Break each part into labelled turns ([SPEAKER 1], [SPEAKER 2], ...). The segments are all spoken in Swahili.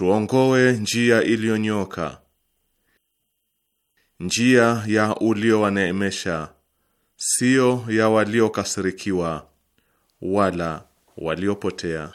[SPEAKER 1] tuongoe njia iliyonyoka, njia ya uliowaneemesha, siyo ya waliokasirikiwa wala waliopotea.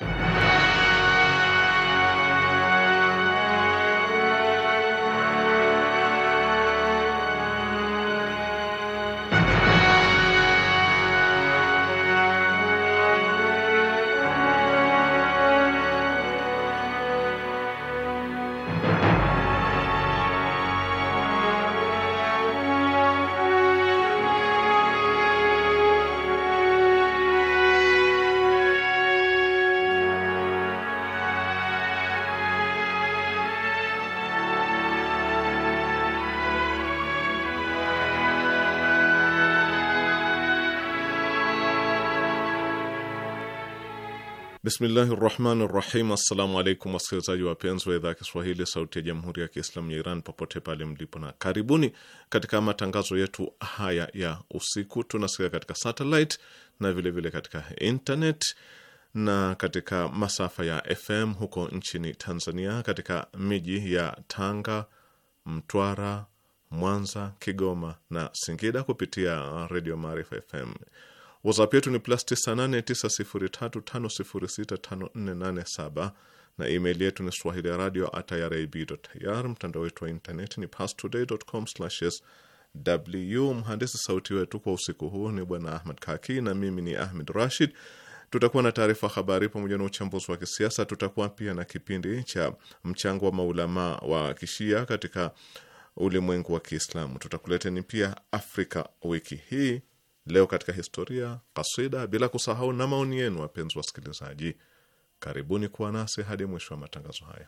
[SPEAKER 1] Bismillahi rahmani rahim. Assalamu alaikum wasikilizaji wapenzi wa idhaa ya Kiswahili sauti ya jamhuri ya Kiislamu ya Iran popote pale mlipo, na karibuni katika matangazo yetu haya ya usiku. Tunasikia katika satellite na vilevile vile katika internet na katika masafa ya FM huko nchini Tanzania, katika miji ya Tanga, Mtwara, Mwanza, Kigoma na Singida kupitia Redio Maarifa FM. WhatsApp yetu ni plus 989035065487 na email yetu ni swahili radio at irib.ir. Mtandao wetu wa intaneti ni pastoday.com/sw. Mhandisi sauti wetu kwa usiku huu ni Bwana Ahmed Kaki na mimi ni Ahmed Rashid. Tutakuwa na taarifa habari pamoja na uchambuzi wa kisiasa. Tutakuwa pia na kipindi cha mchango wa maulamaa wa kishia katika ulimwengu wa Kiislamu. Tutakuleteni pia Afrika wiki hii leo katika historia, kasida, bila kusahau na maoni yenu, wapenzi wasikilizaji. Karibuni kuwa nasi hadi mwisho wa matangazo haya.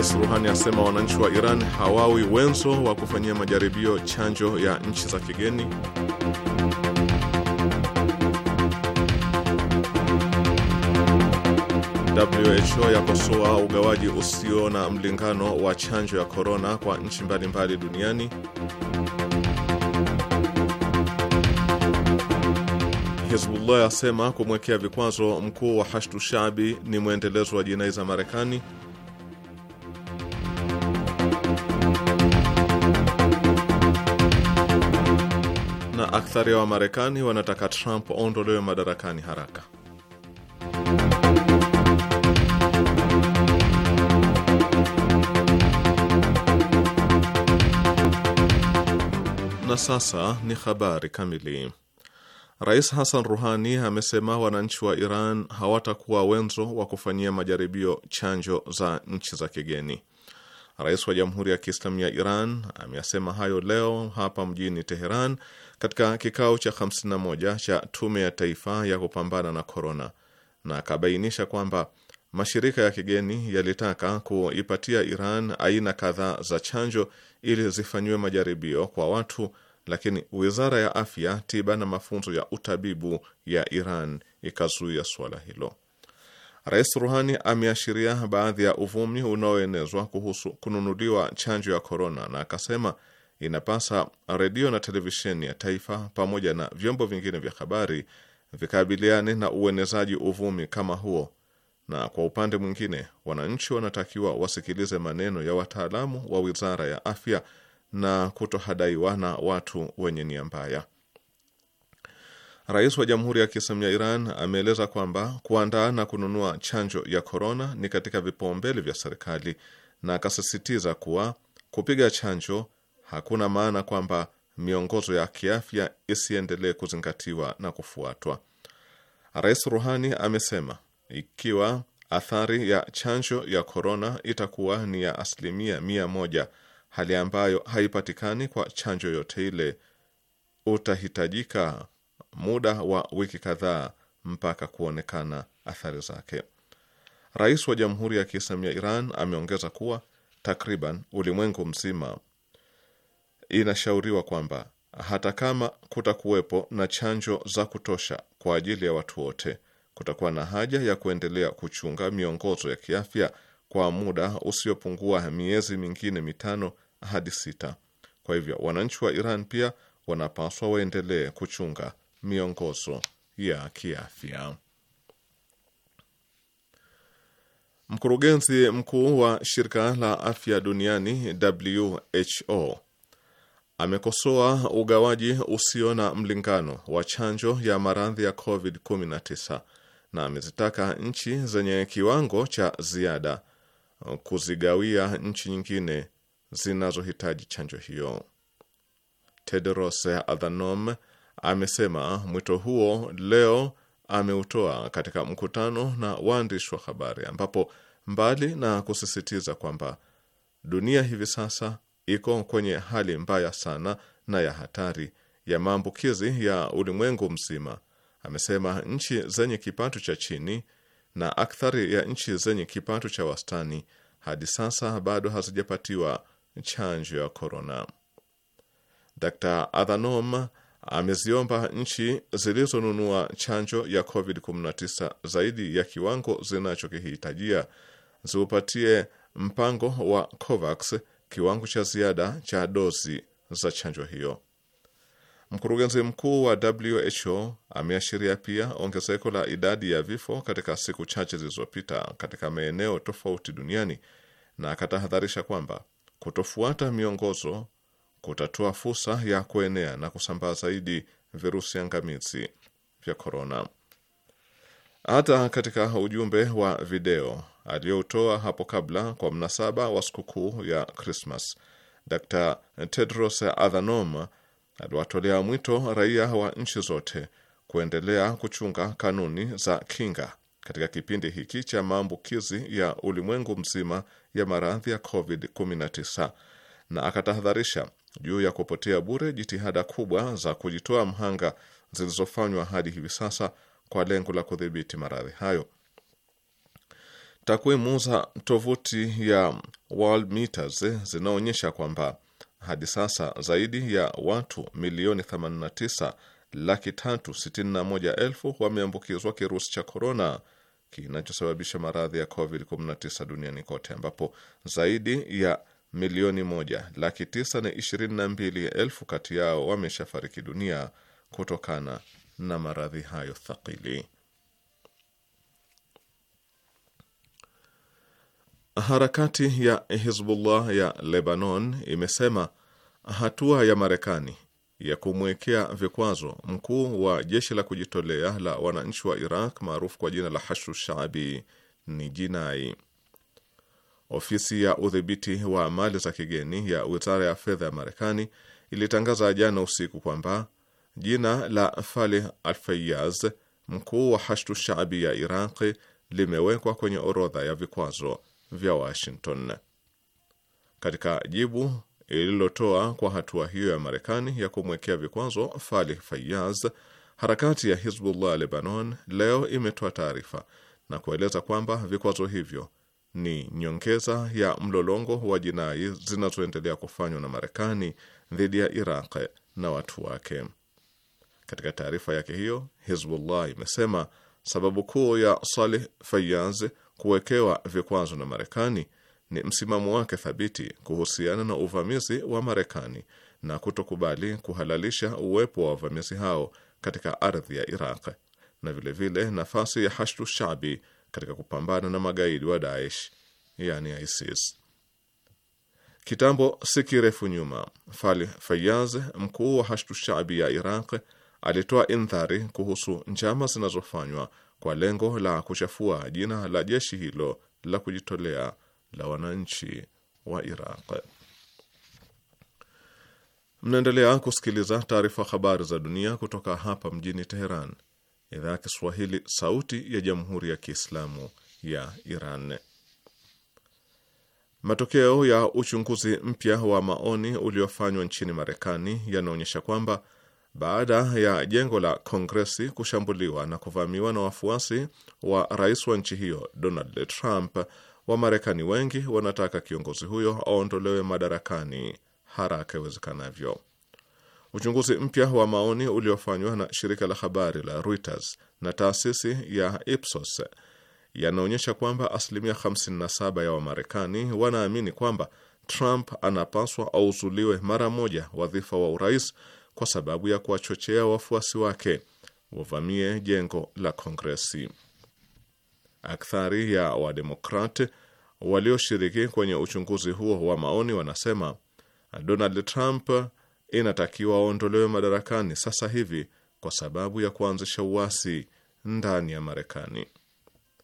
[SPEAKER 1] Rais Ruhani asema wananchi wa Iran hawawi wenzo wa kufanyia majaribio chanjo ya nchi za kigeni. WHO yakosoa ugawaji usio na mlingano wa chanjo ya korona kwa nchi mbalimbali duniani. Hizbullah yasema kumwekea vikwazo mkuu wa Hashdu Shabi ni mwendelezo wa jinai za Marekani. Akthari ya Wamarekani wanataka Trump aondolewe madarakani haraka. Na sasa ni habari kamili. Rais Hassan Ruhani amesema wananchi wa Iran hawatakuwa wenzo wa kufanyia majaribio chanjo za nchi za kigeni. Rais wa Jamhuri ya Kiislamu ya Iran ameyasema hayo leo hapa mjini Teheran katika kikao cha 51 cha Tume ya Taifa ya Kupambana na Korona, na akabainisha kwamba mashirika ya kigeni yalitaka kuipatia Iran aina kadhaa za chanjo ili zifanyiwe majaribio kwa watu, lakini Wizara ya Afya, Tiba na Mafunzo ya Utabibu ya Iran ikazuia suala hilo. Rais Ruhani ameashiria baadhi ya uvumi unaoenezwa kuhusu kununuliwa chanjo ya korona na akasema inapasa redio na televisheni ya taifa pamoja na vyombo vingine vya habari vikabiliane na uenezaji uvumi kama huo, na kwa upande mwingine, wananchi wanatakiwa wasikilize maneno ya wataalamu wa wizara ya afya na kutohadaiwana watu wenye nia mbaya. Rais wa Jamhuri ya Kiislamu ya Iran ameeleza kwamba kuandaa na kununua chanjo ya korona ni katika vipaumbele vya serikali, na akasisitiza kuwa kupiga chanjo hakuna maana kwamba miongozo ya kiafya isiendelee kuzingatiwa na kufuatwa. Rais Ruhani amesema ikiwa athari ya chanjo ya korona itakuwa ni ya asilimia mia moja, hali ambayo haipatikani kwa chanjo yote ile, utahitajika muda wa wiki kadhaa mpaka kuonekana athari zake. Rais wa Jamhuri ya Kiislamu ya Iran ameongeza kuwa takriban ulimwengu mzima inashauriwa kwamba hata kama kutakuwepo na chanjo za kutosha kwa ajili ya watu wote, kutakuwa na haja ya kuendelea kuchunga miongozo ya kiafya kwa muda usiopungua miezi mingine mitano hadi sita. Kwa hivyo, wananchi wa Iran pia wanapaswa waendelee kuchunga miongozo ya kiafya. Mkurugenzi mkuu wa shirika la afya duniani WHO amekosoa ugawaji usio na mlingano wa chanjo ya maradhi ya COVID-19 na amezitaka nchi zenye kiwango cha ziada kuzigawia nchi nyingine zinazohitaji chanjo hiyo. Tedros Adhanom amesema mwito huo leo ameutoa katika mkutano na waandishi wa habari ambapo mbali na kusisitiza kwamba dunia hivi sasa iko kwenye hali mbaya sana na ya hatari ya maambukizi ya ulimwengu mzima. Amesema nchi zenye kipato cha chini na akthari ya nchi zenye kipato cha wastani hadi sasa bado hazijapatiwa chanjo ya korona. Dr Adhanom ameziomba nchi zilizonunua chanjo ya COVID-19 zaidi ya kiwango zinachokihitajia ziupatie mpango wa COVAX kiwango cha ziada cha dozi za chanjo hiyo. Mkurugenzi mkuu wa WHO ameashiria pia ongezeko la idadi ya vifo katika siku chache zilizopita katika maeneo tofauti duniani na akatahadharisha kwamba kutofuata miongozo kutatoa fursa ya kuenea na kusambaa zaidi virusi angamizi vya korona. Hata katika ujumbe wa video aliyoutoa hapo kabla kwa mnasaba wa sikukuu ya Krismas, Dr Tedros Adhanom aliwatolea mwito raia wa nchi zote kuendelea kuchunga kanuni za kinga katika kipindi hiki cha maambukizi ya ulimwengu mzima ya maradhi ya COVID-19 na akatahadharisha juu ya kupotea bure jitihada kubwa za kujitoa mhanga zilizofanywa hadi hivi sasa kwa lengo la kudhibiti maradhi hayo. Takwimu za tovuti ya World Meters zinaonyesha kwamba hadi sasa zaidi ya watu milioni 89 laki tatu wameambukizwa kirusi cha korona kinachosababisha maradhi ya COVID-19 duniani kote, ambapo zaidi ya milioni moja laki 9 na ishirini elfu kati yao wameshafariki dunia kutokana na maradhi hayo thakili. Harakati ya Hizbullah ya Lebanon imesema hatua ya Marekani ya kumwekea vikwazo mkuu wa jeshi la kujitolea la wananchi wa Iraq maarufu kwa jina la Hashu Shaabi ni jinai. Ofisi ya udhibiti wa mali za kigeni ya wizara ya fedha ya Marekani ilitangaza jana usiku kwamba Jina la Falih Alfayaz, mkuu wa Hashdu Shaabi ya Iraqi, limewekwa kwenye orodha ya vikwazo vya Washington. Katika jibu ililotoa kwa hatua hiyo ya Marekani ya kumwekea vikwazo Falih Fayaz, harakati ya Hizbullah Lebanon leo imetoa taarifa na kueleza kwamba vikwazo hivyo ni nyongeza ya mlolongo wa jinai zinazoendelea kufanywa na Marekani dhidi ya Iraq na watu wake. Katika taarifa yake hiyo, Hizbullah imesema sababu kuu ya Saleh Fayaz kuwekewa vikwazo na Marekani ni msimamo wake thabiti kuhusiana na uvamizi wa Marekani na kutokubali kuhalalisha uwepo wa wavamizi hao katika ardhi ya Iraq na vilevile vile nafasi ya Hashdu Shabi katika kupambana na magaidi wa Daesh yani ISIS. Kitambo si kirefu nyuma, Fali Fayaz, mkuu wa Hashdu Shabi ya Iraq, alitoa indhari kuhusu njama zinazofanywa kwa lengo la kuchafua jina la jeshi hilo la kujitolea la wananchi wa Iraq. Mnaendelea kusikiliza taarifa habari za dunia kutoka hapa mjini Teheran, idhaa ya Kiswahili, sauti ya jamhuri ya kiislamu ya Iran. Matokeo ya uchunguzi mpya wa maoni uliofanywa nchini Marekani yanaonyesha kwamba baada ya jengo la Kongresi kushambuliwa na kuvamiwa na wafuasi wa rais wa nchi hiyo Donald Trump, Wamarekani wengi wanataka kiongozi huyo aondolewe madarakani haraka iwezekanavyo. Uchunguzi mpya wa maoni uliofanywa na shirika la habari la Reuters na taasisi ya Ipsos yanaonyesha kwamba asilimia 57 ya Wamarekani wanaamini kwamba Trump anapaswa auzuliwe mara moja wadhifa wa urais kwa sababu ya kuwachochea wafuasi wake wavamie jengo la Kongresi. Akthari ya Wademokrat walioshiriki kwenye uchunguzi huo wa maoni wanasema Donald Trump inatakiwa aondolewe madarakani sasa hivi kwa sababu ya kuanzisha uasi ndani ya Marekani.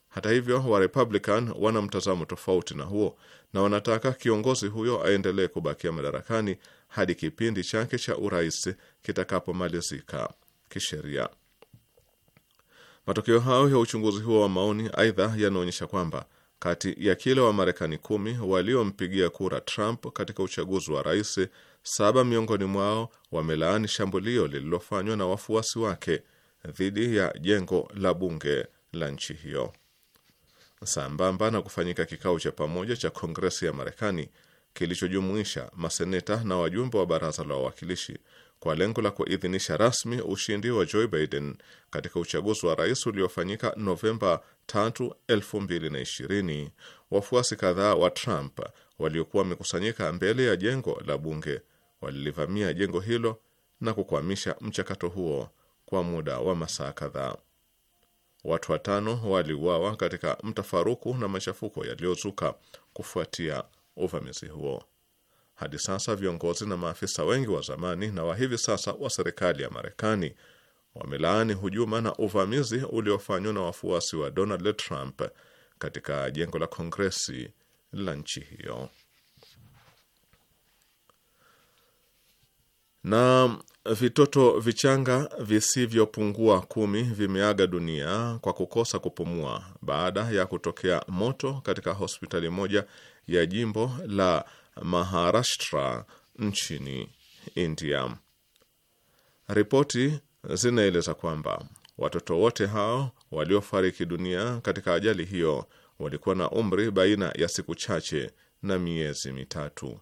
[SPEAKER 1] Hata hivyo, Warepublican wana mtazamo tofauti na huo na wanataka kiongozi huyo aendelee kubakia madarakani hadi kipindi chake cha urais kitakapomalizika kisheria. Matokeo hayo ya uchunguzi huo wa maoni, aidha, yanaonyesha kwamba kati ya kila marekani kumi waliompigia kura Trump katika uchaguzi wa rais, saba miongoni mwao wamelaani shambulio lililofanywa na wafuasi wake dhidi ya jengo la bunge la nchi hiyo. Sambamba na kufanyika kikao cha pamoja cha Kongresi ya Marekani, kilichojumuisha maseneta na wajumbe wa baraza la wawakilishi kwa lengo la kuidhinisha rasmi ushindi wa Joe Biden katika uchaguzi wa rais uliofanyika Novemba 3, 2020. Wafuasi kadhaa wa Trump waliokuwa wamekusanyika mbele ya jengo la bunge walilivamia jengo hilo na kukwamisha mchakato huo kwa muda wa masaa kadhaa. Watu watano waliuawa katika mtafaruku na machafuko yaliyozuka kufuatia uvamizi huo. Hadi sasa viongozi na maafisa wengi wa zamani na wa hivi sasa wa serikali ya Marekani wamelaani hujuma na uvamizi uliofanywa na wafuasi wa Donald Trump katika jengo la Kongresi la nchi hiyo. Na vitoto vichanga visivyopungua kumi vimeaga dunia kwa kukosa kupumua baada ya kutokea moto katika hospitali moja ya jimbo la Maharashtra nchini India. Ripoti zinaeleza kwamba watoto wote hao waliofariki dunia katika ajali hiyo walikuwa na umri baina ya siku chache na miezi mitatu.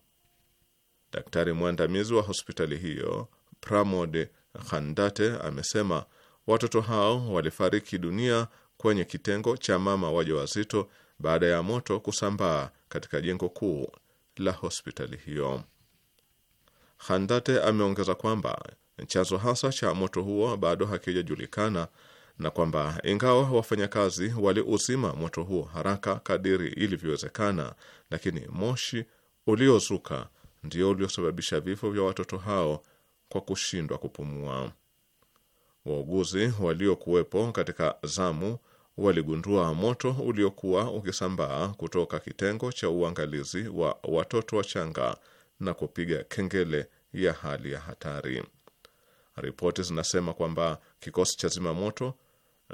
[SPEAKER 1] Daktari mwandamizi wa hospitali hiyo Pramod Khandate amesema watoto hao walifariki dunia kwenye kitengo cha mama wajawazito baada ya moto kusambaa katika jengo kuu la hospitali hiyo. handate ameongeza kwamba chanzo hasa cha moto huo bado hakijajulikana na kwamba ingawa wafanyakazi waliuzima moto huo haraka kadiri ilivyowezekana, lakini moshi uliozuka ndio uliosababisha vifo vya watoto hao kwa kushindwa kupumua. Wauguzi waliokuwepo katika zamu waligundua moto uliokuwa ukisambaa kutoka kitengo cha uangalizi wa watoto wachanga na kupiga kengele ya hali ya hatari. Ripoti zinasema kwamba kikosi cha zimamoto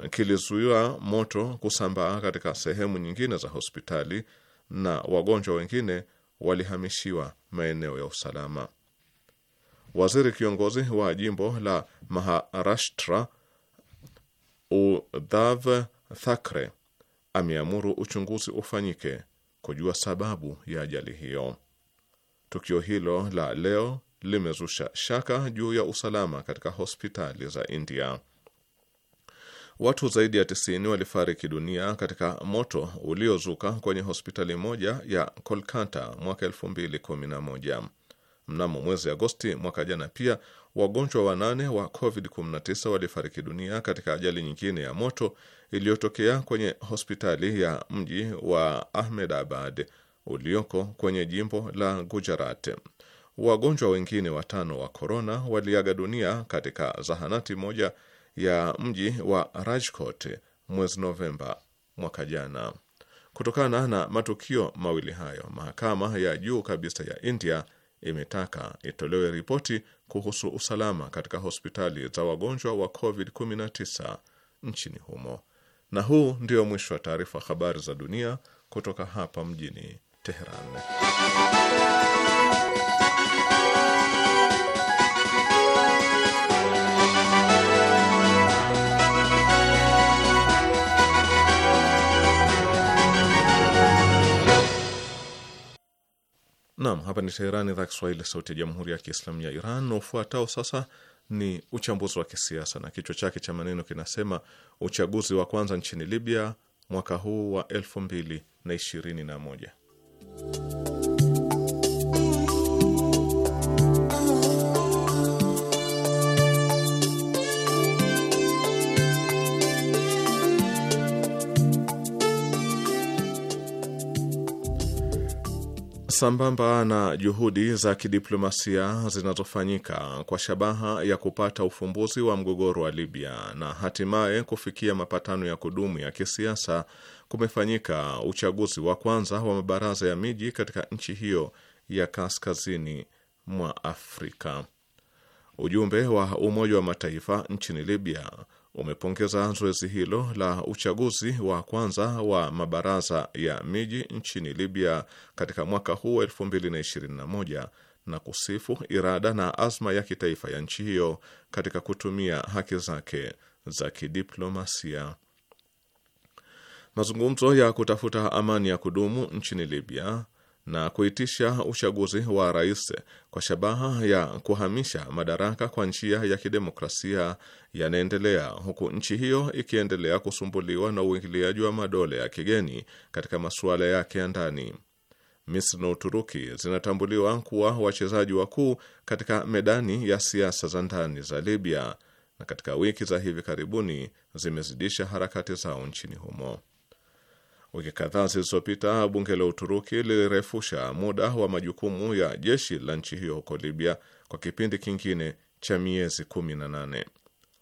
[SPEAKER 1] kilizuiwa moto kusambaa katika sehemu nyingine za hospitali na wagonjwa wengine walihamishiwa maeneo ya usalama. Waziri kiongozi wa jimbo la Maharashtra Udhav Thakre ameamuru uchunguzi ufanyike kujua sababu ya ajali hiyo. Tukio hilo la leo limezusha shaka juu ya usalama katika hospitali za India. Watu zaidi ya 90 walifariki dunia katika moto uliozuka kwenye hospitali moja ya Kolkata mwaka 2011. Mnamo mwezi Agosti mwaka jana pia wagonjwa wanane wa COVID-19 walifariki dunia katika ajali nyingine ya moto iliyotokea kwenye hospitali ya mji wa Ahmedabad ulioko kwenye jimbo la Gujarat. Wagonjwa wengine watano wa korona waliaga dunia katika zahanati moja ya mji wa Rajkot mwezi Novemba mwaka jana. Kutokana na matukio mawili hayo, mahakama ya juu kabisa ya India imetaka itolewe ripoti kuhusu usalama katika hospitali za wagonjwa wa COVID-19 nchini humo. Na huu ndio mwisho wa taarifa habari za dunia kutoka hapa mjini Teheran. Naam, hapa ni Teherani, idhaa Kiswahili, sauti ya jamhuri ya kiislamu ya Iran. Na ufuatao sasa ni uchambuzi wa kisiasa na kichwa chake cha maneno kinasema uchaguzi wa kwanza nchini Libya mwaka huu wa elfu mbili na ishirini na moja. Sambamba na juhudi za kidiplomasia zinazofanyika kwa shabaha ya kupata ufumbuzi wa mgogoro wa Libya na hatimaye kufikia mapatano ya kudumu ya kisiasa, kumefanyika uchaguzi wa kwanza wa mabaraza ya miji katika nchi hiyo ya kaskazini mwa Afrika. Ujumbe wa Umoja wa Mataifa nchini Libya umepongeza zoezi hilo la uchaguzi wa kwanza wa mabaraza ya miji nchini Libya katika mwaka huu wa 2021 na kusifu irada na azma ya kitaifa ya nchi hiyo katika kutumia haki zake za kidiplomasia. Mazungumzo ya kutafuta amani ya kudumu nchini Libya na kuitisha uchaguzi wa rais kwa shabaha ya kuhamisha madaraka kwa njia ya kidemokrasia yanaendelea, huku nchi hiyo ikiendelea kusumbuliwa na uingiliaji wa madola ya kigeni katika masuala yake ya ndani. Misri na Uturuki zinatambuliwa kuwa wachezaji wakuu katika medani ya siasa za ndani za Libya na katika wiki za hivi karibuni zimezidisha harakati zao nchini humo. Wiki kadhaa zilizopita bunge la Uturuki lilirefusha muda wa majukumu ya jeshi la nchi hiyo huko Libya kwa kipindi kingine cha miezi 18.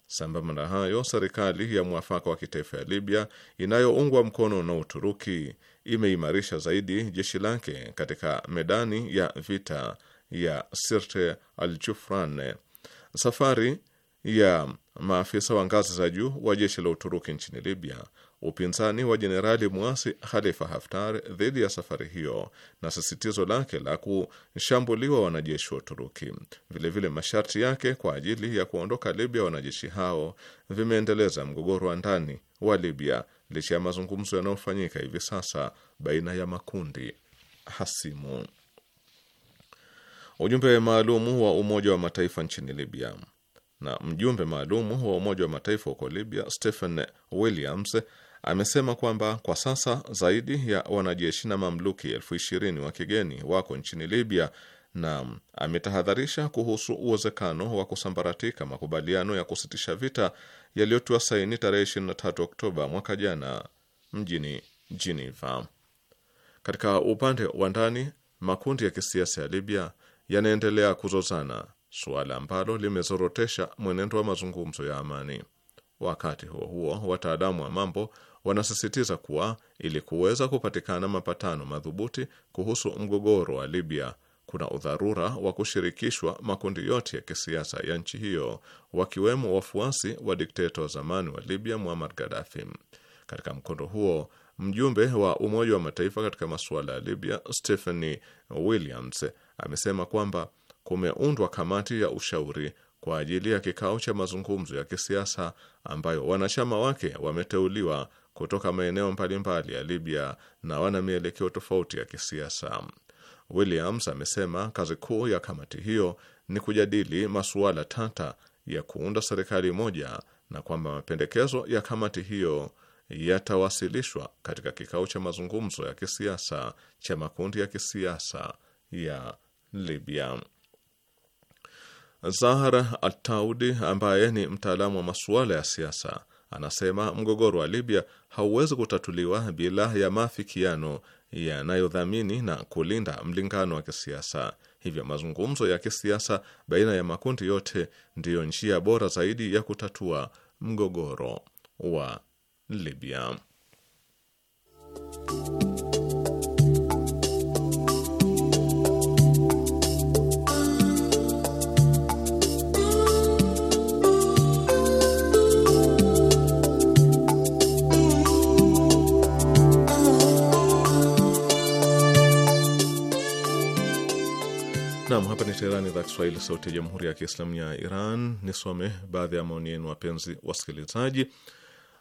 [SPEAKER 1] Sambamba na hayo, serikali ya mwafaka wa kitaifa ya Libya inayoungwa mkono na Uturuki imeimarisha zaidi jeshi lake katika medani ya vita ya Sirte al-Jufran. Safari ya maafisa wa ngazi za juu wa jeshi la Uturuki nchini Libya Upinzani wa jenerali mwasi Khalifa Haftar dhidi ya safari hiyo na sisitizo lake la kushambuliwa wanajeshi wa Uturuki, vilevile masharti yake kwa ajili ya kuondoka Libya wanajeshi hao vimeendeleza mgogoro wa ndani wa Libya licha ya mazungumzo yanayofanyika hivi sasa baina ya makundi hasimu. Ujumbe maalumu wa Umoja wa Mataifa nchini Libya na mjumbe maalumu wa Umoja wa Mataifa huko Libya Stephen Williams amesema kwamba kwa sasa zaidi ya wanajeshi na mamluki elfu ishirini wa kigeni wako nchini Libya na ametahadharisha kuhusu uwezekano wa kusambaratika makubaliano ya kusitisha vita yaliyotiwa saini tarehe 23 Oktoba mwaka jana mjini Geneva. Katika upande wa ndani, makundi ya kisiasa ya Libya yanaendelea kuzozana, suala ambalo limezorotesha mwenendo wa mazungumzo ya amani. Wakati huo huo, wataalamu wa mambo wanasisitiza kuwa ili kuweza kupatikana mapatano madhubuti kuhusu mgogoro wa Libya kuna udharura wa kushirikishwa makundi yote ya kisiasa ya nchi hiyo wakiwemo wafuasi wa dikteta wa zamani wa Libya Muammar Gaddafi. Katika mkondo huo, mjumbe wa Umoja wa Mataifa katika masuala ya Libya Stephanie Williams amesema kwamba kumeundwa kamati ya ushauri kwa ajili ya kikao cha mazungumzo ya kisiasa ambayo wanachama wake wameteuliwa kutoka maeneo mbalimbali ya Libya na wana mielekeo tofauti ya kisiasa. Williams amesema kazi kuu ya kamati hiyo ni kujadili masuala tata ya kuunda serikali moja na kwamba mapendekezo ya kamati hiyo yatawasilishwa katika kikao cha mazungumzo ya kisiasa cha makundi ya kisiasa ya Libya. Zahar Ataudi ambaye ni mtaalamu wa masuala ya siasa Anasema mgogoro wa Libya hauwezi kutatuliwa bila ya maafikiano yanayodhamini na kulinda mlingano wa kisiasa. Hivyo mazungumzo ya kisiasa baina ya makundi yote ndiyo njia bora zaidi ya kutatua mgogoro wa Libya. Naam, hapa ni Teherani, idhaa Kiswahili, sauti ya jamhuri ya kiislamu ya Iran. Nisome baadhi ya maoni yenu, wapenzi wasikilizaji.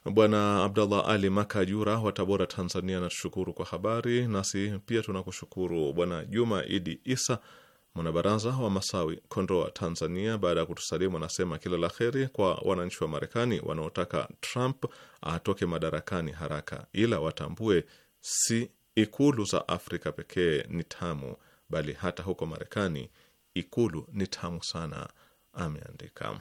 [SPEAKER 1] Bwana Abdallah Ali Makajura wa Tabora, Tanzania, natushukuru kwa habari. Nasi pia tunakushukuru. Bwana Juma Idi Isa, mwanabaraza wa Masawi, Kondoa, Tanzania, baada ya kutusalimu anasema kila la heri kwa wananchi wa Marekani wanaotaka Trump atoke madarakani haraka, ila watambue si ikulu za Afrika pekee ni tamu bali hata huko Marekani ikulu ni tamu sana, ameandika.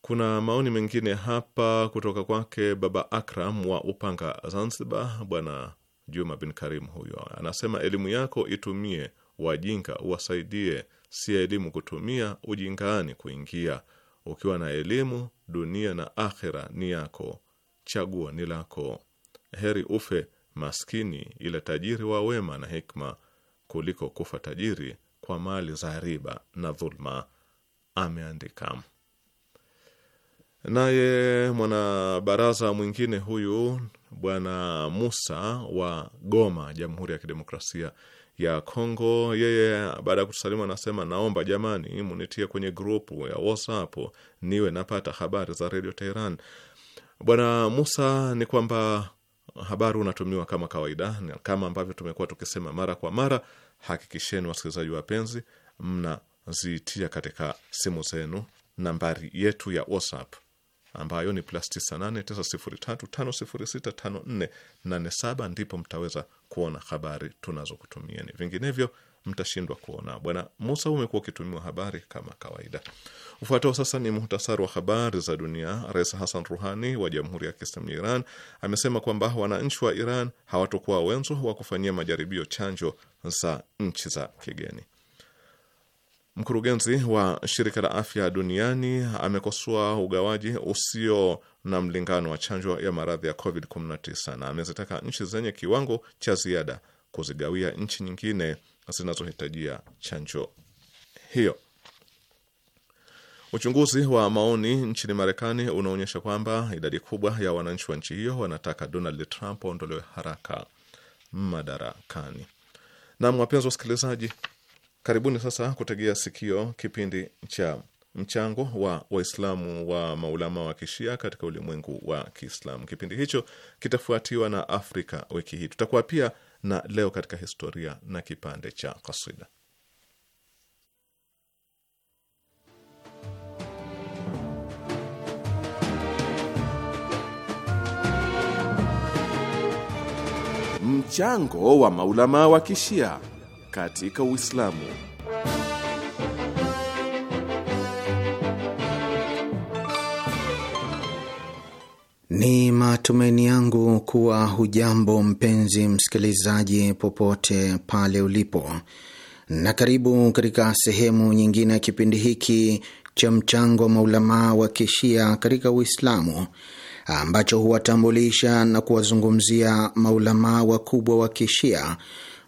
[SPEAKER 1] Kuna maoni mengine hapa kutoka kwake Baba Akram wa Upanga, Zanzibar. Bwana Juma bin Karim huyo anasema, elimu yako itumie wajinga uwasaidie, si elimu kutumia ujingaani kuingia. Ukiwa na elimu, dunia na akhira ni yako, chaguo ni lako. Heri ufe maskini ila tajiri wa wema na hikma kuliko kufa tajiri kwa mali za riba na dhulma, ameandika. Naye mwanabaraza mwingine huyu Bwana Musa wa Goma, Jamhuri ya Kidemokrasia ya Kongo, yeye baada ya kutusalimu anasema, naomba jamani, munitie kwenye grupu ya WhatsApp niwe napata habari za redio Teheran. Bwana Musa, ni kwamba habari unatumiwa kama kawaida, kama ambavyo tumekuwa tukisema mara kwa mara. Hakikisheni wasikilizaji wapenzi, mnazitia katika simu zenu nambari yetu ya WhatsApp ambayo ni plus 989035065487 ndipo mtaweza kuona habari tunazokutumieni, vinginevyo mtashindwa kuona. Bwana Musa, umekuwa ukitumiwa habari kama kawaida. Ufuatao sasa ni muhtasari wa habari za dunia. Rais Hassan Ruhani wa Jamhuri ya Kiislamu ya Iran amesema kwamba wananchi wa Iran hawatokuwa wenzo wa kufanyia majaribio chanjo za nchi za kigeni. Mkurugenzi wa shirika la afya duniani amekosoa ugawaji usio na mlingano wa chanjo ya maradhi ya COVID-19 na amezitaka nchi zenye kiwango cha ziada kuzigawia nchi nyingine zinazohitajia chanjo hiyo. Uchunguzi wa maoni nchini Marekani unaonyesha kwamba idadi kubwa ya wananchi wa nchi hiyo wanataka Donald Trump aondolewe haraka madarakani. Nam, wapenzi wasikilizaji, karibuni sasa kutegea sikio kipindi cha mchango wa Waislamu wa maulama wa kishia katika ulimwengu wa Kiislamu. Kipindi hicho kitafuatiwa na Afrika wiki hii. Tutakuwa pia na leo katika historia na kipande cha kasida. Mchango wa maulama wa kishia katika Uislamu.
[SPEAKER 2] Ni matumaini yangu kuwa hujambo mpenzi msikilizaji, popote pale ulipo, na karibu katika sehemu nyingine ya kipindi hiki cha mchango wa maulamaa wa kishia katika Uislamu ambacho huwatambulisha na kuwazungumzia maulamaa wakubwa wa kishia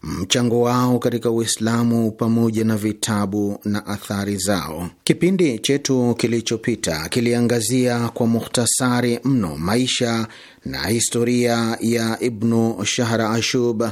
[SPEAKER 2] mchango wao katika Uislamu pamoja na vitabu na athari zao. Kipindi chetu kilichopita kiliangazia kwa mukhtasari mno maisha na historia ya Ibnu Shahra Ashub,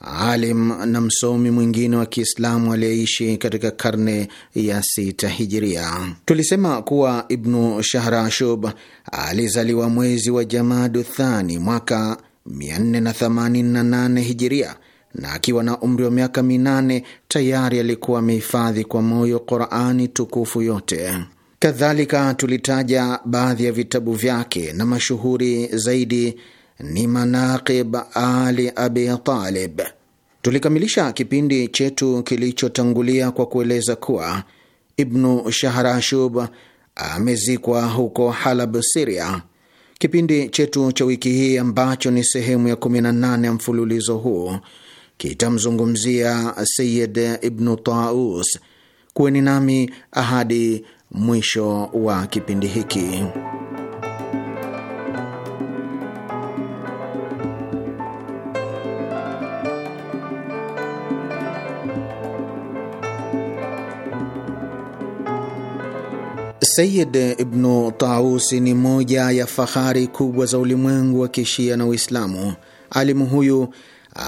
[SPEAKER 2] alim na msomi mwingine wa Kiislamu aliyeishi katika karne ya sita Hijiria. Tulisema kuwa Ibnu Shahra Ashub alizaliwa mwezi wa Jamadu Thani mwaka 488 Hijiria na akiwa na umri wa miaka minane tayari alikuwa amehifadhi kwa moyo Qurani tukufu yote. Kadhalika tulitaja baadhi ya vitabu vyake na mashuhuri zaidi ni Manaqib Ali Abi Talib. Tulikamilisha kipindi chetu kilichotangulia kwa kueleza kuwa Ibnu Shahrashub amezikwa huko Halab, Siria. Kipindi chetu cha wiki hii ambacho ni sehemu ya 18 ya mfululizo huu kitamzungumzia Sayid Ibnu Taus. Kuweni nami ahadi mwisho wa kipindi hiki. Sayid Ibnu Taus ni moja ya fahari kubwa za ulimwengu wa kishia na Uislamu. Alimu huyu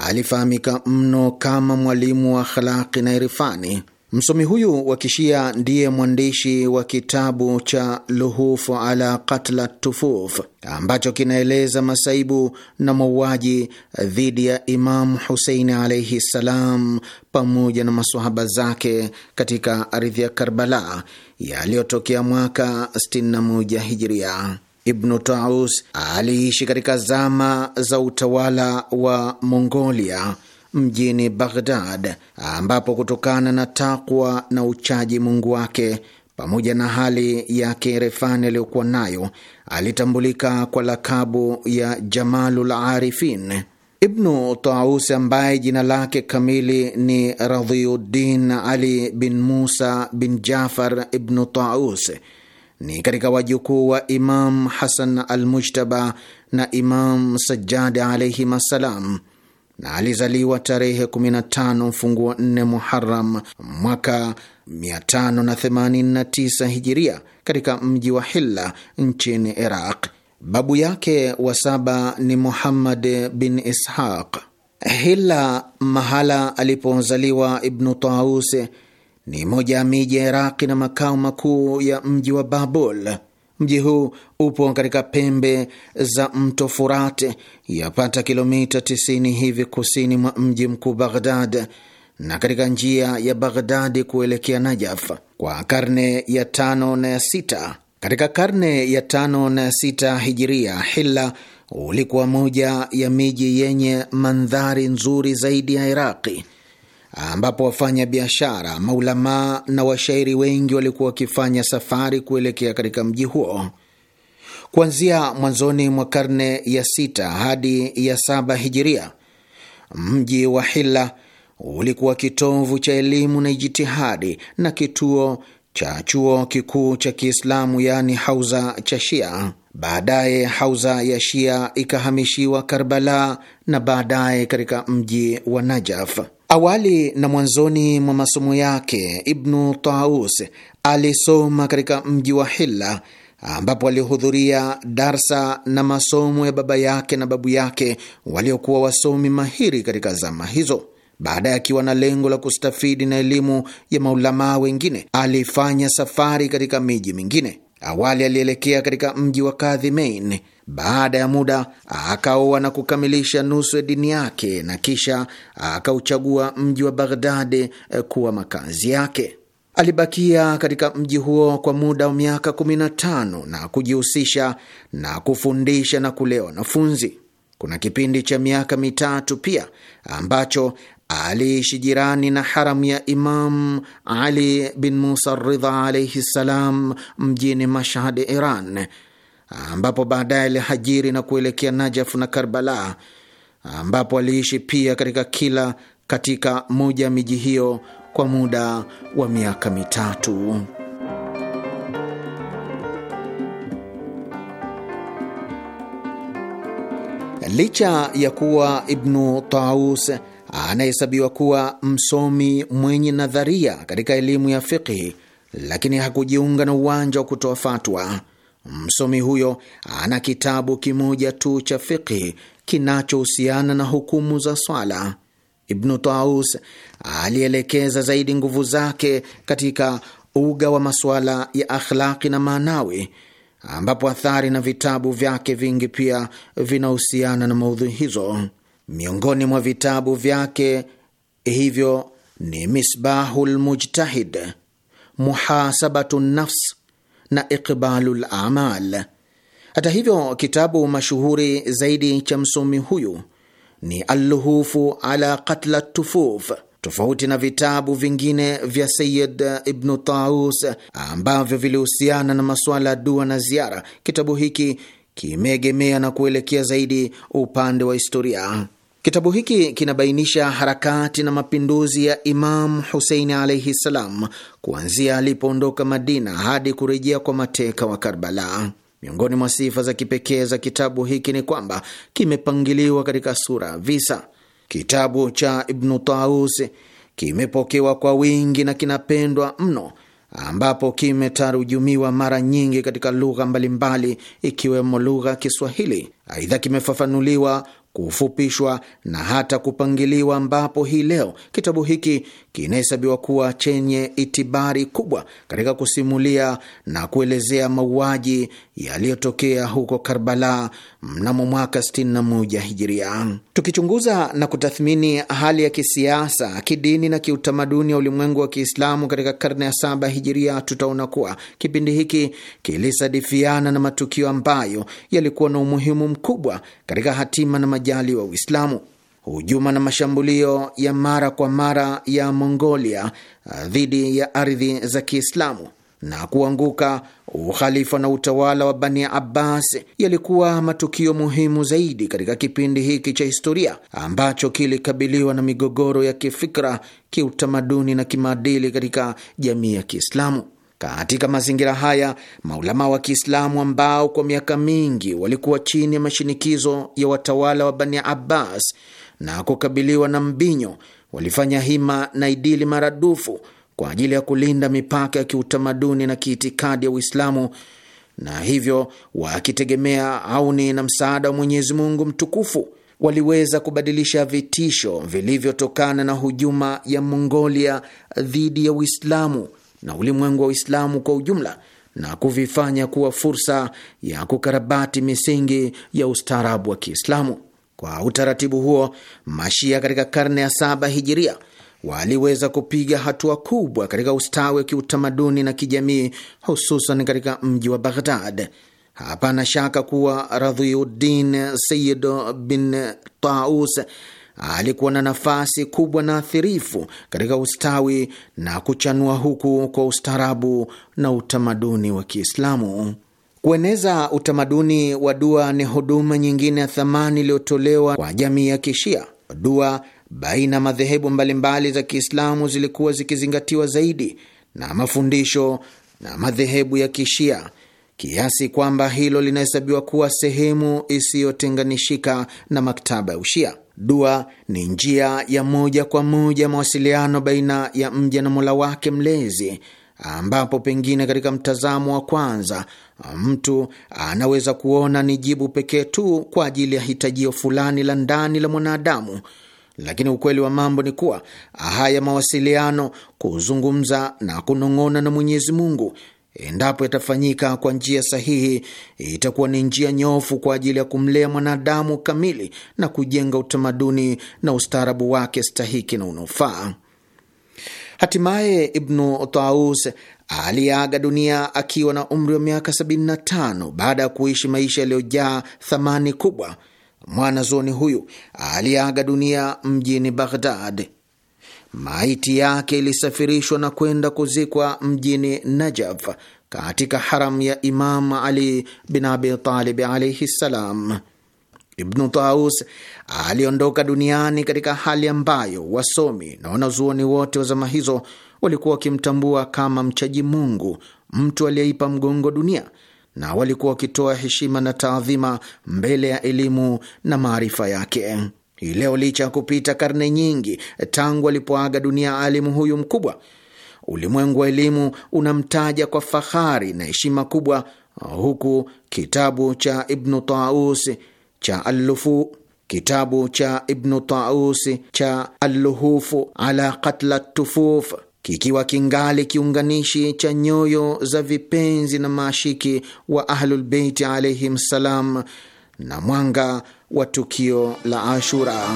[SPEAKER 2] alifahamika mno kama mwalimu wa akhlaqi na irifani. Msomi huyu wa kishia ndiye mwandishi wa kitabu cha Luhufu ala Katla Tufuf ambacho kinaeleza masaibu na mauaji dhidi ya Imamu Huseini alaihi ssalam pamoja na masohaba zake katika ardhi ya Karbala yaliyotokea mwaka 61 Hijiria. Ibnu Taus aliishi katika zama za utawala wa Mongolia mjini Baghdad, ambapo kutokana na takwa na uchaji Mungu wake pamoja na hali ya kerefani aliyokuwa nayo alitambulika kwa lakabu ya Jamalul Arifin. Ibnu Taus ambaye jina lake kamili ni Radhiuddin Ali bin Musa bin Jafar Ibnu Taus ni katika wajukuu wa Imam Hasan al Mujtaba na Imam Sajadi alaihim assalam, na alizaliwa tarehe 15 mfunguo 4 Muharam mwaka 589 Hijiria katika mji wa Hilla nchini Iraq. Babu yake wa saba ni Muhammad bin Ishaq. Hilla mahala alipozaliwa Ibnu Taus ni moja ya miji ya Iraqi na makao makuu ya mji wa Babul. Mji huu upo katika pembe za mto Furati, yapata kilomita 90 hivi kusini mwa mji mkuu Baghdad na katika njia ya Baghdadi kuelekea Najaf. Kwa karne ya tano na ya sita, katika karne ya tano na ya sita hijiria, Hilla ulikuwa moja ya miji yenye mandhari nzuri zaidi ya Iraqi ambapo wafanya biashara, maulamaa na washairi wengi walikuwa wakifanya safari kuelekea katika mji huo. Kuanzia mwanzoni mwa karne ya sita hadi ya saba hijiria, mji wa Hilla ulikuwa kitovu cha elimu na ijitihadi na kituo cha chuo kikuu cha Kiislamu, yaani hauza cha Shia. Baadaye hauza ya Shia ikahamishiwa Karbala na baadaye katika mji wa Najaf. Awali na mwanzoni mwa masomo yake Ibnu Taus alisoma katika mji wa Hilla ambapo alihudhuria darsa na masomo ya baba yake na babu yake waliokuwa wasomi mahiri katika zama hizo. Baadaye, akiwa na lengo la kustafidi na elimu ya maulamaa wengine, alifanya safari katika miji mingine. Awali alielekea katika mji wa Kadhimain baada ya muda akaoa na kukamilisha nusu ya dini yake na kisha akauchagua mji wa Baghdadi eh, kuwa makazi yake. Alibakia katika mji huo kwa muda wa miaka 15 na kujihusisha na kufundisha na kulea wanafunzi. Kuna kipindi cha miaka mitatu pia ambacho aliishi jirani na haramu ya Imam Ali bin Musa Ridha alaihi ssalam mjini Mashhad, Iran ambapo baadaye alihajiri na kuelekea Najaf na Karbala ambapo aliishi pia katika kila katika moja ya miji hiyo kwa muda wa miaka mitatu. Licha ya kuwa Ibnu Taus anahesabiwa kuwa msomi mwenye nadharia katika elimu ya fiqhi, lakini hakujiunga na uwanja wa kutoa fatwa. Msomi huyo ana kitabu kimoja tu cha fiqhi kinachohusiana na hukumu za swala. Ibnu Taus alielekeza zaidi nguvu zake katika uga wa masuala ya akhlaki na maanawi, ambapo athari na vitabu vyake vingi pia vinahusiana na maudhui hizo. Miongoni mwa vitabu vyake hivyo ni Misbahu lmujtahid, Muhasabatu nafs na Iqbalul Amal. Hata hivyo, kitabu mashuhuri zaidi cha msomi huyu ni Alluhufu ala Qatla Tufuf. Tofauti na vitabu vingine vya Sayid Ibnu Taus ambavyo vilihusiana na masuala ya dua na ziara, kitabu hiki kimeegemea na kuelekea zaidi upande wa historia. Kitabu hiki kinabainisha harakati na mapinduzi ya Imamu Huseini alaihi ssalam, kuanzia alipoondoka Madina hadi kurejea kwa mateka wa Karbala. Miongoni mwa sifa za kipekee za kitabu hiki ni kwamba kimepangiliwa katika sura ya visa. Kitabu cha Ibnu Taus kimepokewa kwa wingi na kinapendwa mno, ambapo kimetarujumiwa mara nyingi katika lugha mbalimbali ikiwemo lugha ya Kiswahili. Aidha, kimefafanuliwa kufupishwa na hata kupangiliwa, ambapo hii leo kitabu hiki kinahesabiwa kuwa chenye itibari kubwa katika kusimulia na kuelezea mauaji yaliyotokea huko Karbala mnamo mwaka 61 Hijiria. Tukichunguza na kutathmini hali ya kisiasa, kidini na kiutamaduni ya ulimwengu wa Kiislamu katika karne ya saba Hijiria, tutaona kuwa kipindi hiki kilisadifiana na matukio ambayo yalikuwa na umuhimu mkubwa katika hatima na majali wa Uislamu hujuma na mashambulio ya mara kwa mara ya Mongolia eh, dhidi ya ardhi za Kiislamu na kuanguka ukhalifa na utawala wa Bani Abbas yalikuwa matukio muhimu zaidi katika kipindi hiki cha historia ambacho kilikabiliwa na migogoro ya kifikra, kiutamaduni na kimaadili katika jamii ya Kiislamu. Katika mazingira haya, maulama wa Kiislamu ambao kwa miaka mingi walikuwa chini ya mashinikizo ya watawala wa Bani Abbas na kukabiliwa na mbinyo, walifanya hima na idili maradufu kwa ajili ya kulinda mipaka ya kiutamaduni na kiitikadi ya Uislamu, na hivyo wakitegemea auni na msaada wa Mwenyezi Mungu mtukufu waliweza kubadilisha vitisho vilivyotokana na hujuma ya Mongolia dhidi ya Uislamu na ulimwengu wa Uislamu kwa ujumla na kuvifanya kuwa fursa ya kukarabati misingi ya ustaarabu wa Kiislamu. Kwa utaratibu huo, Mashia katika karne ya saba hijiria waliweza kupiga hatua kubwa katika ustawi wa kiutamaduni na kijamii, hususan katika mji wa Baghdad. Hapana shaka kuwa Radhiuddin Sayid bin Taus alikuwa na nafasi kubwa na athirifu katika ustawi na kuchanua huku kwa ustaarabu na utamaduni wa Kiislamu. Kueneza utamaduni wa dua ni huduma nyingine ya thamani iliyotolewa kwa jamii ya Kishia. Dua baina ya madhehebu mbalimbali za Kiislamu zilikuwa zikizingatiwa zaidi na mafundisho na madhehebu ya Kishia kiasi kwamba hilo linahesabiwa kuwa sehemu isiyotenganishika na maktaba ya Ushia. Dua ni njia ya moja kwa moja mawasiliano baina ya mja na Mola wake Mlezi, ambapo pengine katika mtazamo wa kwanza mtu anaweza kuona ni jibu pekee tu kwa ajili ya hitajio fulani la ndani la mwanadamu. Lakini ukweli wa mambo ni kuwa haya mawasiliano, kuzungumza na kunong'ona na Mwenyezi Mungu, endapo yatafanyika kwa njia sahihi, itakuwa ni njia nyofu kwa ajili ya kumlea mwanadamu kamili na kujenga utamaduni na ustaarabu wake stahiki na unaofaa. Hatimaye Ibnu Taus aliyeaga dunia akiwa na umri wa miaka 75 baada ya kuishi maisha yaliyojaa thamani kubwa. Mwanazuoni huyu aliyeaga dunia mjini Baghdad. Maiti yake ilisafirishwa na kwenda kuzikwa mjini Najaf katika haram ya Imam Ali bin Abi Talib alaihi ssalam. Ibnu Taus aliondoka duniani katika hali ambayo wasomi na wanazuoni wote wa zama hizo walikuwa wakimtambua kama mchaji Mungu, mtu aliyeipa mgongo dunia, na walikuwa wakitoa heshima na taadhima mbele ya elimu na maarifa yake. Hii leo licha ya kupita karne nyingi tangu alipoaga dunia alimu huyu mkubwa, ulimwengu wa elimu unamtaja kwa fahari na heshima kubwa, huku kitabu cha Ibnu Taus cha Allufu kitabu cha Ibnu Taus cha Alluhufu ala katla tufuf kikiwa kingali kiunganishi cha nyoyo za vipenzi na maashiki wa Ahlulbeiti alaihim salam na mwanga wa tukio la Ashura.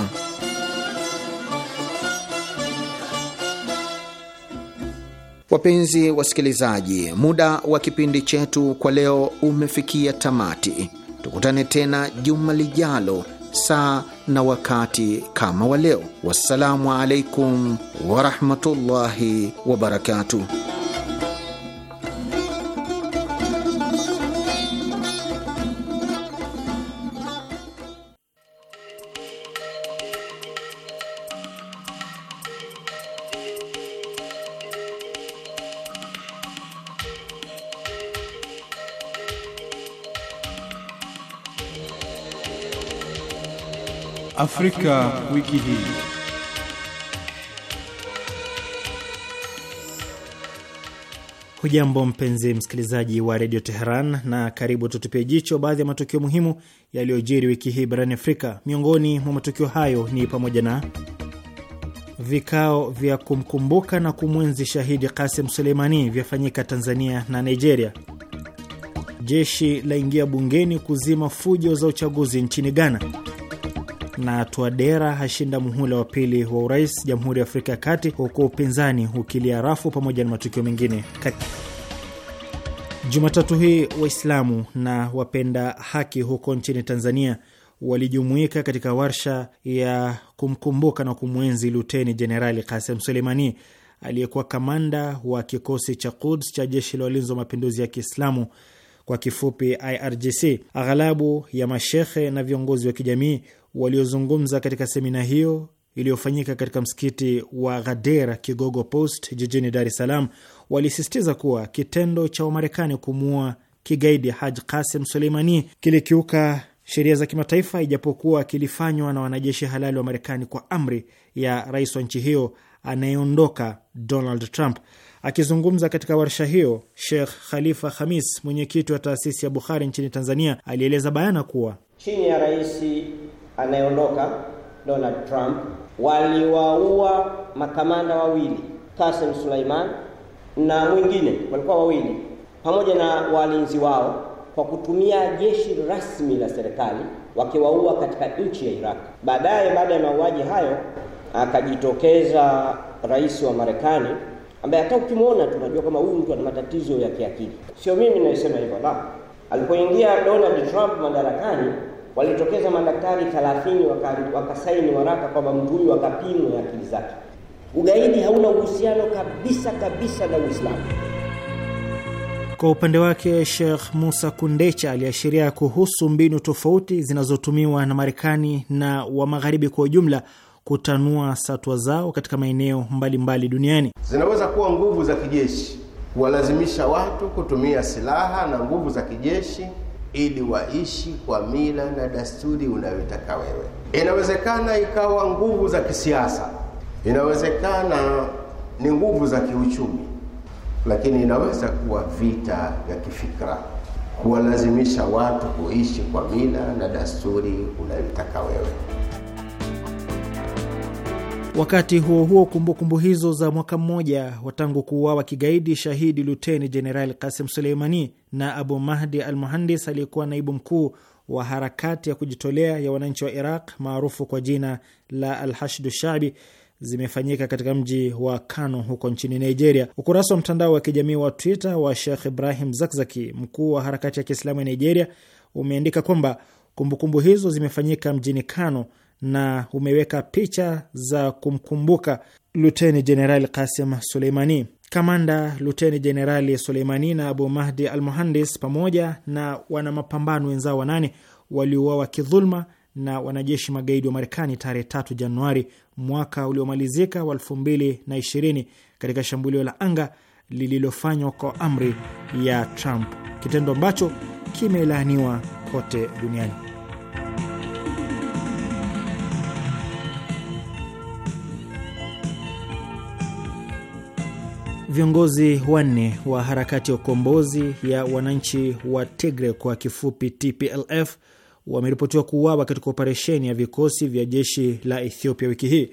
[SPEAKER 2] Wapenzi wasikilizaji, muda wa kipindi chetu kwa leo umefikia tamati. Tukutane tena juma lijalo saa na wakati kama wa leo. Wassalamu alaikum warahmatullahi wabarakatuh.
[SPEAKER 3] Afrika wiki hii.
[SPEAKER 4] Hujambo mpenzi msikilizaji wa redio Teheran na karibu, tutupie jicho baadhi ya matukio muhimu yaliyojiri wiki hii barani Afrika. Miongoni mwa matukio hayo ni pamoja na vikao vya kumkumbuka na kumwenzi shahidi Kasim Suleimani vyafanyika Tanzania na Nigeria. Jeshi laingia bungeni kuzima fujo za uchaguzi nchini Ghana na tuadera hashinda muhula wa pili wa urais Jamhuri ya Afrika ya Kati, huku upinzani ukilia rafu, pamoja na matukio mengine. Jumatatu hii Waislamu na wapenda haki huko nchini Tanzania walijumuika katika warsha ya kumkumbuka na kumwenzi Luteni Jenerali Kasem Suleimani aliyekuwa kamanda wa kikosi cha Quds cha jeshi la walinzi wa mapinduzi ya Kiislamu kwa kifupi IRGC. Aghalabu ya mashekhe na viongozi wa kijamii waliozungumza katika semina hiyo iliyofanyika katika msikiti wa ghadera Kigogo Post jijini Dar es Salaam walisisitiza kuwa kitendo cha Wamarekani kumuua kigaidi Haj Qasim Suleimani kilikiuka sheria za kimataifa, ijapokuwa kilifanywa na wanajeshi halali wa Marekani kwa amri ya rais wa nchi hiyo anayeondoka Donald Trump. Akizungumza katika warsha hiyo, Sheikh Khalifa Khamis, mwenyekiti wa taasisi ya Bukhari nchini Tanzania, alieleza bayana kuwa
[SPEAKER 3] chini ya rais anayeondoka Donald Trump waliwaua makamanda wawili, Qasem Suleiman na mwingine, walikuwa wawili pamoja na walinzi wao kwa kutumia jeshi rasmi la serikali wakiwaua katika nchi ya Iraq. Baadaye, baada ya mauaji hayo, akajitokeza rais wa Marekani ambaye hata ukimwona tunajua kama huyu mtu ana matatizo ya kiakili. Sio mimi naisema hivyo la. Alipoingia Donald Trump madarakani Walitokeza madaktari 30 wakasaini waka waraka kwamba mtu huyu ya akili zake. Ugaidi hauna uhusiano kabisa kabisa na Uislamu.
[SPEAKER 4] Kwa upande wake Sheikh Musa Kundecha aliashiria kuhusu mbinu tofauti zinazotumiwa na Marekani na wa Magharibi kwa ujumla kutanua satwa zao katika maeneo mbalimbali duniani.
[SPEAKER 3] Zinaweza kuwa nguvu za kijeshi, kuwalazimisha watu kutumia silaha na nguvu za kijeshi ili waishi kwa mila na dasturi unayotaka wewe. Inawezekana ikawa nguvu za kisiasa, inawezekana ni nguvu za kiuchumi, lakini inaweza kuwa vita vya kifikra, kuwalazimisha watu kuishi kwa mila na dasturi unayotaka wewe.
[SPEAKER 4] Wakati huo huo, kumbukumbu hizo za mwaka mmoja wa tangu kuuawa kigaidi shahidi luteni jenerali Kasim Suleimani na Abu Mahdi al Muhandis aliyekuwa naibu mkuu wa harakati ya kujitolea ya wananchi wa Iraq maarufu kwa jina la Alhashdu Shabi zimefanyika katika mji wa Kano huko nchini Nigeria. Ukurasa wa mtandao wa kijamii wa Twitter wa Shekh Ibrahim Zakzaki, mkuu wa harakati ya Kiislamu ya Nigeria, umeandika kwamba kumbukumbu hizo zimefanyika mjini Kano na umeweka picha za kumkumbuka Luteni Jenerali Kasim Suleimani. Kamanda Luteni Jenerali Suleimani na Abu Mahdi al Muhandis pamoja na wanamapambano wenzao wanane waliuawa kidhulma na wanajeshi magaidi wa Marekani tarehe tatu Januari mwaka uliomalizika wa elfu mbili na ishirini katika shambulio la anga lililofanywa kwa amri ya Trump, kitendo ambacho kimelaaniwa kote duniani. Viongozi wanne wa harakati ya ukombozi ya wananchi wa Tigre kwa kifupi TPLF wameripotiwa kuuawa katika operesheni ya vikosi vya jeshi la Ethiopia wiki hii.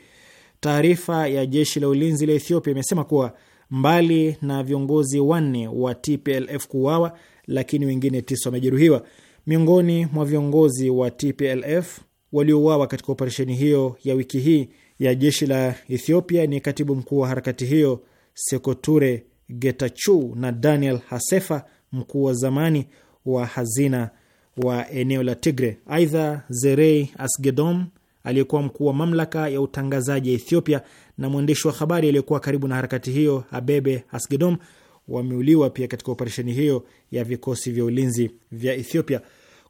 [SPEAKER 4] Taarifa ya jeshi la ulinzi la Ethiopia imesema kuwa mbali na viongozi wanne wa TPLF kuuawa, lakini wengine tisa wamejeruhiwa. Miongoni mwa viongozi wa TPLF waliouawa katika operesheni hiyo ya wiki hii ya jeshi la Ethiopia ni katibu mkuu wa harakati hiyo Sekoture Getachu na Daniel Hasefa, mkuu wa zamani wa hazina wa eneo la Tigre. Aidha, Zerei Asgedom aliyekuwa mkuu wa mamlaka ya utangazaji ya Ethiopia na mwandishi wa habari aliyekuwa karibu na harakati hiyo Abebe Asgedom wameuliwa pia katika operesheni hiyo ya vikosi vya ulinzi vya Ethiopia.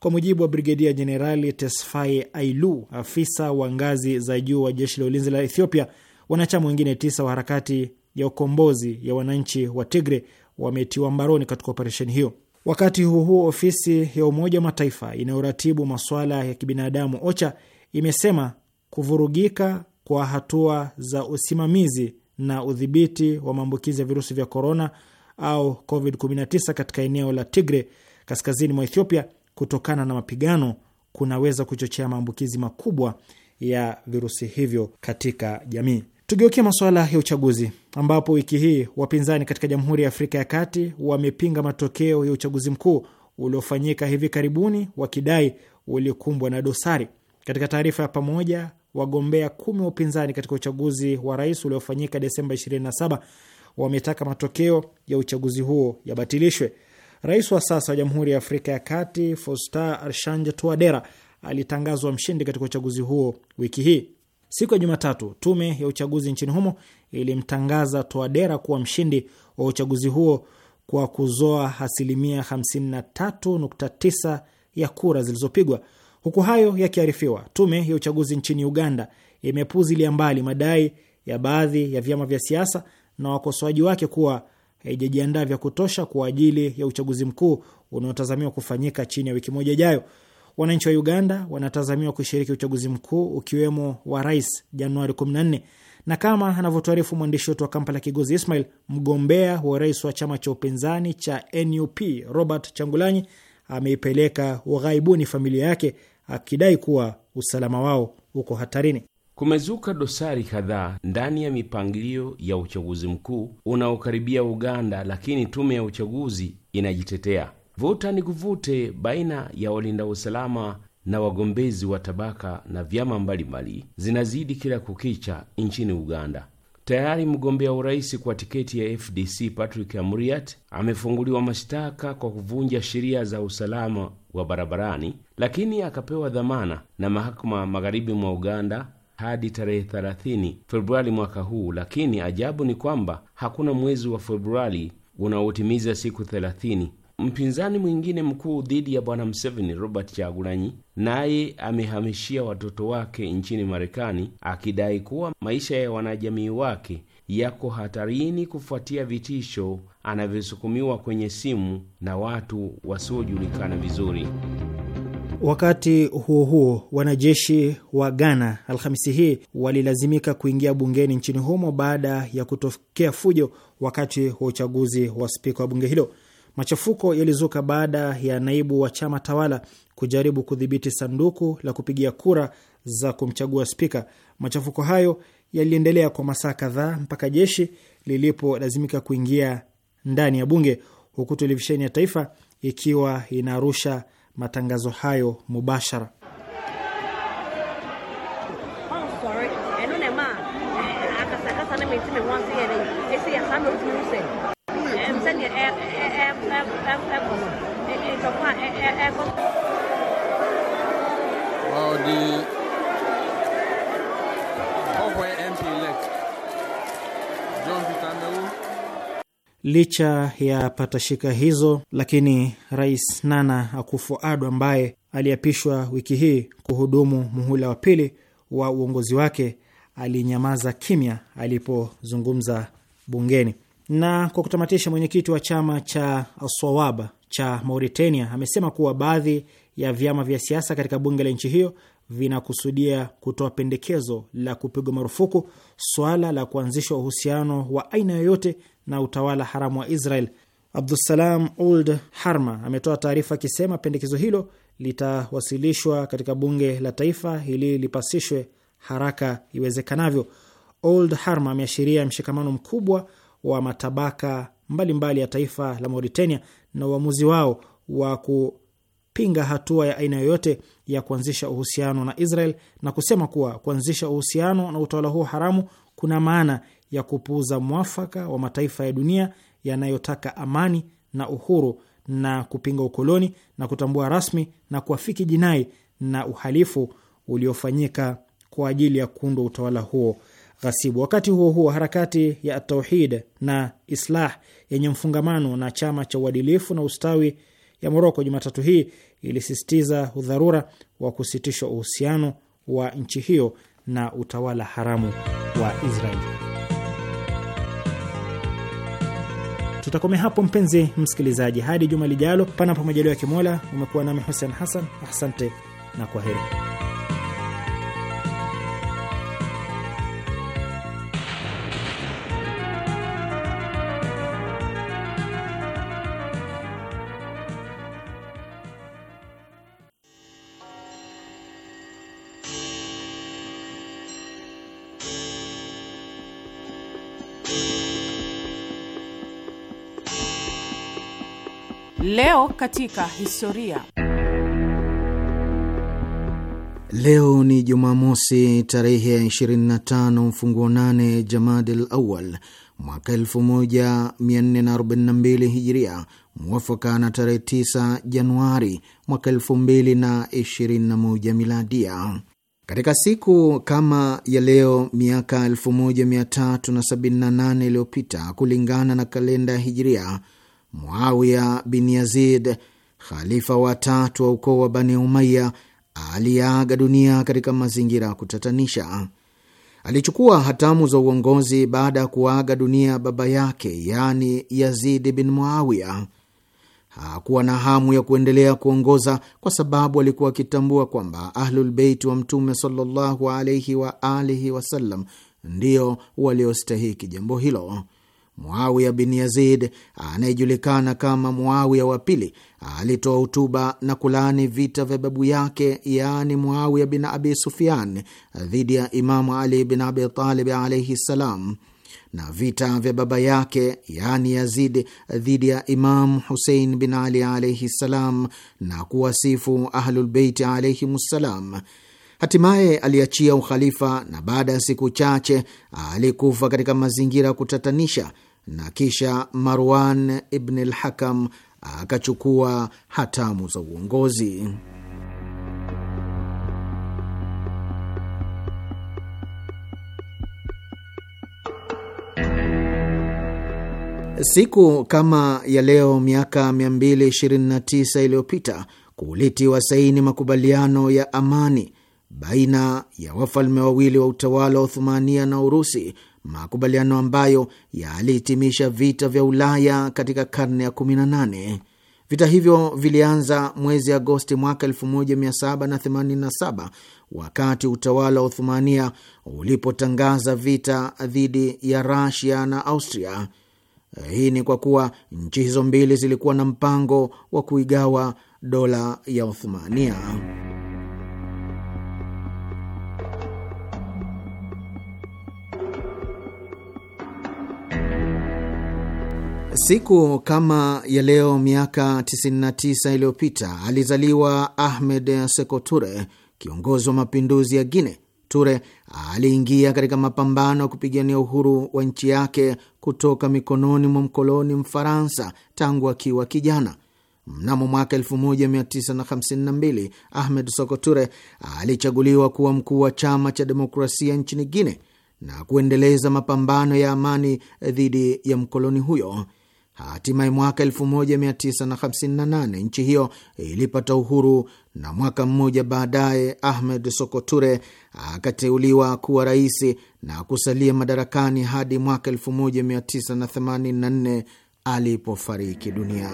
[SPEAKER 4] Kwa mujibu wa Brigedia Jenerali Tesfaye Ailu, afisa wa ngazi za juu wa jeshi la ulinzi la Ethiopia, wanachama wengine tisa wa harakati ya ukombozi ya wananchi wa Tigre wametiwa mbaroni katika operesheni hiyo. Wakati huo huo, ofisi ya Umoja wa Mataifa inayoratibu masuala ya kibinadamu OCHA imesema kuvurugika kwa hatua za usimamizi na udhibiti wa maambukizi ya virusi vya korona au COVID-19 katika eneo la Tigre kaskazini mwa Ethiopia kutokana na mapigano kunaweza kuchochea maambukizi makubwa ya virusi hivyo katika jamii. Tugeukie masuala ya uchaguzi ambapo wiki hii wapinzani katika Jamhuri ya Afrika ya Kati wamepinga matokeo ya uchaguzi mkuu uliofanyika hivi karibuni wakidai ulikumbwa na dosari. Katika taarifa ya pamoja, wagombea kumi wa upinzani katika uchaguzi wa rais uliofanyika Desemba 27 wametaka matokeo ya uchaguzi huo yabatilishwe. Rais wa sasa wa Jamhuri ya Afrika ya Kati Faustin Archange Touadera alitangazwa mshindi katika uchaguzi huo wiki hii. Siku ya Jumatatu, tume ya uchaguzi nchini humo ilimtangaza Toadera kuwa mshindi wa uchaguzi huo kwa kuzoa asilimia 53.9 ya kura zilizopigwa. Huku hayo yakiarifiwa, tume ya uchaguzi nchini Uganda imepuzilia mbali madai ya baadhi ya vyama vya siasa na wakosoaji wake kuwa haijajiandaa vya kutosha kwa ajili ya uchaguzi mkuu unaotazamiwa kufanyika chini ya wiki moja ijayo. Wananchi wa Uganda wanatazamiwa kushiriki uchaguzi mkuu ukiwemo wa rais Januari 14, na kama anavyotuarifu mwandishi wetu wa Kampala Kigozi Ismail, mgombea wa rais wa chama cha upinzani cha NUP Robert Changulanyi ameipeleka ughaibuni familia yake akidai kuwa usalama wao uko hatarini.
[SPEAKER 3] Kumezuka dosari kadhaa ndani ya mipangilio ya uchaguzi mkuu unaokaribia Uganda, lakini tume ya uchaguzi inajitetea. Vuta ni kuvute baina ya walinda usalama na wagombezi wa tabaka na vyama mbalimbali zinazidi kila kukicha nchini Uganda. Tayari mgombea urais kwa tiketi ya FDC Patrick Amuriat amefunguliwa mashtaka kwa kuvunja sheria za usalama wa barabarani, lakini akapewa dhamana na mahakama magharibi mwa Uganda hadi tarehe 30 Februari mwaka huu. Lakini ajabu ni kwamba hakuna mwezi wa Februari unaotimiza siku 30 Mpinzani mwingine mkuu dhidi ya bwana Museveni, Robert Chagulanyi, naye amehamishia watoto wake nchini Marekani akidai kuwa maisha ya wanajamii wake yako hatarini kufuatia vitisho anavyosukumiwa kwenye simu na watu wasiojulikana vizuri.
[SPEAKER 4] Wakati huo huo, wanajeshi wa Ghana Alhamisi hii walilazimika kuingia bungeni nchini humo baada ya kutokea fujo wakati wa uchaguzi wa spika wa bunge hilo. Machafuko yalizuka baada ya naibu wa chama tawala kujaribu kudhibiti sanduku la kupigia kura za kumchagua spika. Machafuko hayo yaliendelea kwa masaa kadhaa mpaka jeshi lilipolazimika kuingia ndani ya bunge, huku televisheni ya taifa ikiwa inarusha matangazo hayo mubashara. Licha ya patashika hizo, lakini Rais Nana Akufo-Addo ambaye aliapishwa wiki hii kuhudumu muhula wa pili wa uongozi wake alinyamaza kimya alipozungumza bungeni. Na kwa kutamatisha, mwenyekiti wa chama cha Aswawaba cha Mauritania amesema kuwa baadhi ya vyama vya siasa katika bunge la nchi hiyo vinakusudia kutoa pendekezo la kupigwa marufuku swala la kuanzishwa uhusiano wa aina yoyote na utawala haramu wa Israel. Abdusalam Old Harma ametoa taarifa akisema pendekezo hilo litawasilishwa katika bunge la taifa ili lipasishwe haraka iwezekanavyo. Old Harma ameashiria mshikamano mkubwa wa matabaka mbalimbali mbali ya taifa la Mauritania na uamuzi wao wa ku kupinga hatua ya aina yoyote ya kuanzisha uhusiano na Israel na kusema kuwa kuanzisha uhusiano na utawala huo haramu kuna maana ya kupuuza mwafaka wa mataifa ya dunia yanayotaka amani na uhuru na kupinga ukoloni na kutambua rasmi na kuafiki jinai na uhalifu uliofanyika kwa ajili ya kuundwa utawala huo ghasibu. Wakati huo huo, harakati ya Tauhid na Islah yenye mfungamano na chama cha uadilifu na ustawi ya Moroko Jumatatu hii ilisisitiza udharura wa kusitishwa uhusiano wa nchi hiyo na utawala haramu wa Israeli. Tutakomea hapo mpenzi msikilizaji, hadi juma lijalo, panapo majaliwa ya Kimola. Umekuwa nami Hussein Hassan, asante na kwa heri.
[SPEAKER 5] Leo katika historia.
[SPEAKER 2] Leo ni Jumamosi tarehe ya 25 mfunguo 8 Jamadil Awal mwaka 1442 Hijiria, mwafaka na tarehe 9 Januari mwaka 2021 Miladia. Katika siku kama ya leo miaka 1378 iliyopita kulingana na kalenda ya Hijiria, Muawiya bin Yazid, khalifa watatu wa ukoo wa Bani Umaya, aliyeaga dunia katika mazingira ya kutatanisha. Alichukua hatamu za uongozi baada ya kuaga dunia baba yake, yani Yazidi bin Muawiya. Hakuwa na hamu ya kuendelea kuongoza kwa sababu alikuwa akitambua kwamba Ahlulbeiti wa Mtume sallallahu alaihi wa alihi wasallam ndio waliostahiki jambo hilo. Muawiya bin Yazid anayejulikana kama Muawiya wa pili alitoa hutuba na kulaani vita vya babu yake, yaani Muawiya bin Abi sufian dhidi ya Imamu Ali bin Abi Talib alaihi ssalam, na vita vya baba yake, yaani Yazid dhidi ya Imamu Husein bin Ali alaihi ssalam, na kuwasifu Ahlulbeiti alaihim ssalam. Hatimaye aliachia ukhalifa na baada ya siku chache alikufa katika mazingira ya kutatanisha, na kisha Marwan ibn al-Hakam akachukua hatamu za uongozi. Siku kama ya leo miaka 229 iliyopita kulitiwa saini makubaliano ya amani baina ya wafalme wawili wa utawala wa Uthumania na Urusi, makubaliano ambayo yalihitimisha vita vya Ulaya katika karne ya 18. Vita hivyo vilianza mwezi Agosti mwaka 1787 wakati utawala wa Uthumania ulipotangaza vita dhidi ya Rasia na Austria. Hii ni kwa kuwa nchi hizo mbili zilikuwa na mpango wa kuigawa dola ya Uthumania. Siku kama ya leo miaka 99 iliyopita alizaliwa Ahmed Seko Ture, kiongozi wa mapinduzi ya Guine. Ture aliingia katika mapambano ya kupigania uhuru wa nchi yake kutoka mikononi mwa mkoloni Mfaransa tangu akiwa kijana. Mnamo mwaka 1952 Ahmed sokoture Ture alichaguliwa kuwa mkuu wa chama cha demokrasia nchini Guine na kuendeleza mapambano ya amani dhidi ya mkoloni huyo. Hatimaye mwaka 1958 nchi hiyo ilipata uhuru na mwaka mmoja baadaye Ahmed Sokoture akateuliwa kuwa rais na kusalia madarakani hadi mwaka 1984 alipofariki dunia.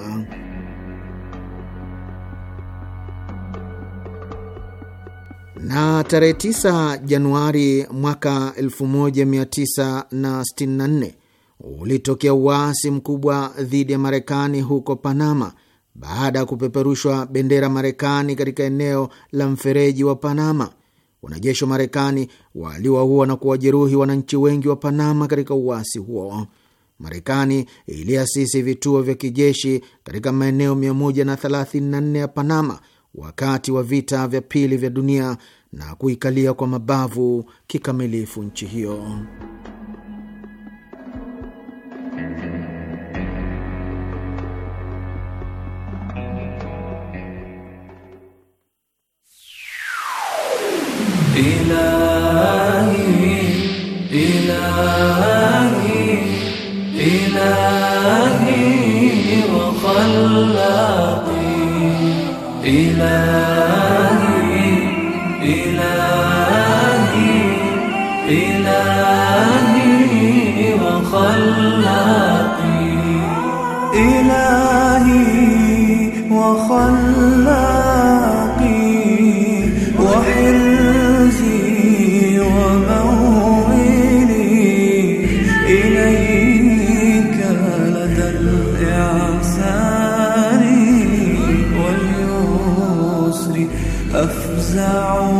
[SPEAKER 2] na tarehe 9 Januari mwaka 1964 ulitokea uasi mkubwa dhidi ya Marekani huko Panama baada ya kupeperushwa bendera Marekani katika eneo la mfereji wa Panama. Wanajeshi wa Marekani waliwaua na kuwajeruhi wananchi wengi wa Panama katika uasi huo. Marekani iliasisi vituo vya kijeshi katika maeneo 134 ya Panama wakati wa vita vya pili vya dunia na kuikalia kwa mabavu kikamilifu nchi hiyo. إلهي إلهي
[SPEAKER 5] إلهي وخلاقي إلهي إلهي إلهي وخلاقي إلهي وخلاقي now